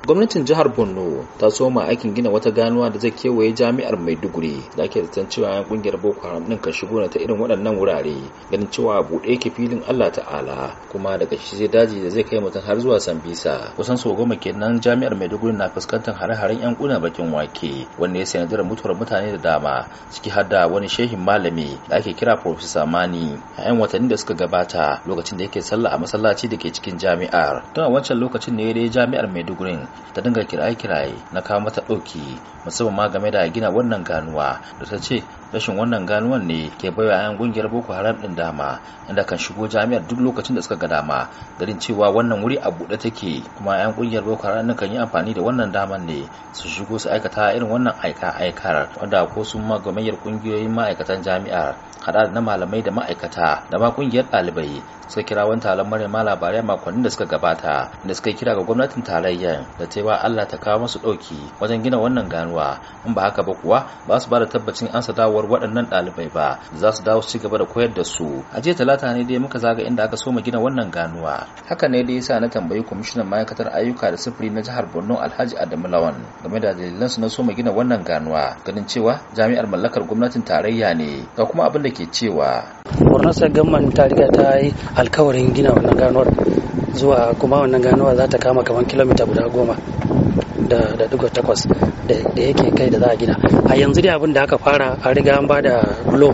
gwamnatin jihar borno ta soma aikin gina wata ganuwa da zai kewaye jami'ar maiduguri da ake zaton cewa yan kungiyar boko haram din kan shigo ta irin waɗannan wurare ganin cewa buɗe ke filin allah ta'ala kuma daga shi zai daji da zai kai mutum har zuwa sambisa kusan sau goma kenan jami'ar maiduguri na fuskantar hare-haren yan kuna bakin wake wanda ya sanadar mutuwar mutane da dama ciki har da wani shehin malami da ake kira profesa mani a yan watanni da suka gabata lokacin da yake sallah a masallaci da ke cikin jami'ar tun a wancan lokacin ne dai jami'ar maiduguri ta dinga kiraye-kiraye na kawo mata ɗauki musamman ma game da gina wannan ganuwa da ta ce rashin wannan ganuwan ne ke baiwa 'yan gungiyar boko haram din dama inda kan shigo jami'ar duk lokacin da suka ga dama garin cewa wannan wuri a buɗe take kuma 'yan gungiyar boko haram din kan yi amfani da wannan daman ne su shigo su aikata irin wannan aika aikar wanda ko sun ma gamayyar kungiyoyin ma'aikatan jami'ar hada da na malamai da ma'aikata da ma kungiyar ɗalibai suka kira wani taron marema labarai makonnin da suka gabata da suka kira ga gwamnatin tarayyar da ta wa Allah ta kawo musu ɗauki wajen gina wannan ganuwa in ba haka ba kuwa ba su ba da tabbacin an sa dawowar waɗannan ɗalibai ba za su dawo su gaba da koyar da su a jiya talata ne dai muka zaga inda aka soma gina wannan ganuwa haka ne dai yasa na tambayi kwamishinan ma'aikatar ayyuka da sufuri na jihar Borno Alhaji Adamu Lawan game da dalilan su na soma gina wannan ganuwa ganin cewa jami'ar mallakar gwamnatin tarayya ne ga kuma abin da ke cewa Borno sai gwamnatin ta riga ta yi alkawarin gina wannan ganuwar zuwa kuma wannan ganuwa za ta kama kamar kilomita guda goma da dugo takwas da yake kai da za a gina a yanzu dai abin da aka fara a riga an ba da bulo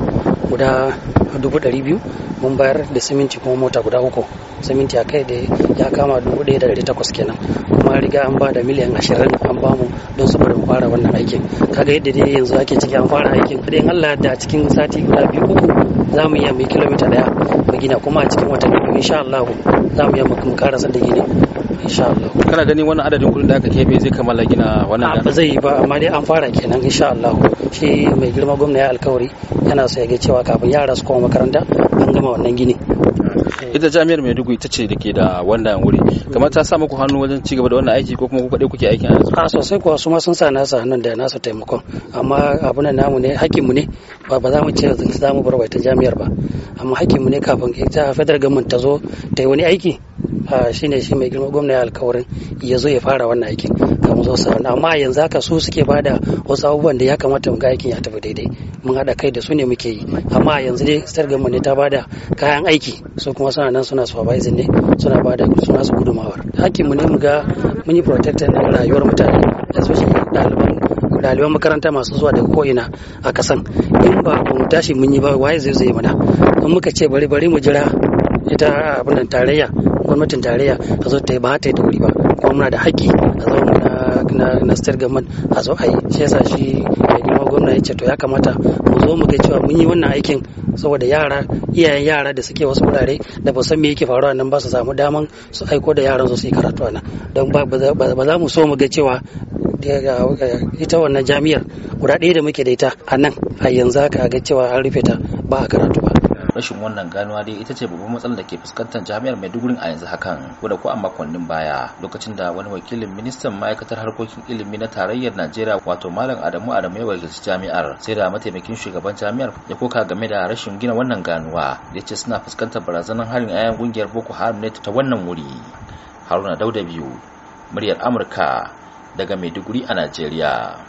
guda dubu ɗari biyu mun bayar da siminti kuma mota guda uku siminti a kai da ya kama dubu ɗaya da ɗari takwas kenan kuma riga an ba da miliyan ashirin an bamu don saboda mu fara wannan aikin kaga yadda dai yanzu ake ciki an fara aikin kuɗin allah da cikin sati guda biyu uku za mu iya mai kilomita daya mu gina kuma a cikin watanni biyu insha Allah za mu iya mu karasa da gini insha Allah kana gani wannan adadin kudin da aka kebe zai kammala gina wannan ba zai yi ba amma dai an fara kenan insha Allah shi mai girma gwamna ya alkawari yana so ya ga cewa kafin yara su koma makaranta an gama wannan gini ita jami'ar maiduguri ita ce da ke da wannan wuri kamar ta sa muku hannu wajen ci gaba da wannan aiki ko kuma ku kaɗai kuke aikin a sosai kuwa su ma sun sa nasa hannun da nasa taimakon amma na namu ne hakkinmu ne ba ba za mu ce za mu bar ta jami'ar ba amma hakkinmu ne kafin ita federal government ta zo ta yi wani aiki shine shi mai girma gwamna ya alkawarin ya zo ya fara wannan aikin kamar zo sa amma yanzu haka su suke bada wasu abubuwan da ya kamata mu ga aikin ya tafi daidai mun haɗa kai da su ne muke yi amma yanzu dai sarga gama ne ta bada kayan aiki su kuma suna nan suna supervisor ne suna bada suna su gudumawar mu ne mu ga mun yi protector na rayuwar mutane da shi ɗaliban ɗaliban makaranta masu zuwa daga ko'ina a kasan in ba mu tashi mun yi ba waye zai zai mana in muka ce bari bari mu jira ita abin tarayya gwamnatin tarayya a zo ta yi ba ta yi da wuri ba kuma muna da haƙƙi a zo na na state government a zo a shi yasa shi mai girma gwamna ya ce to ya kamata mu zo mu ga cewa mun yi wannan aikin saboda yara iyayen yara da suke wasu wurare da ba san me yake faruwa nan ba su samu daman su aiko da yaran su su yi karatu a nan don ba za mu so mu ga cewa ita wannan jami'ar guda ɗaya da muke da ita a nan a yanzu haka ga cewa an rufe ta ba a karatu ba rashin wannan ganuwa dai ita ce babban matsalar da ke fuskantar jami'ar Maiduguri a yanzu hakan ko da ko a makonnin baya lokacin da wani wakilin ministan ma'aikatar harkokin ilimi na tarayyar Najeriya wato Malam Adamu Adamu ya wakilci jami'ar sai da mataimakin shugaban jami'ar ya koka game da rashin gina wannan ganuwa da ce suna fuskantar barazanar harin ayan kungiyar Boko Haram ne ta wannan wuri Haruna Dauda biyu muryar Amurka daga Maiduguri a Najeriya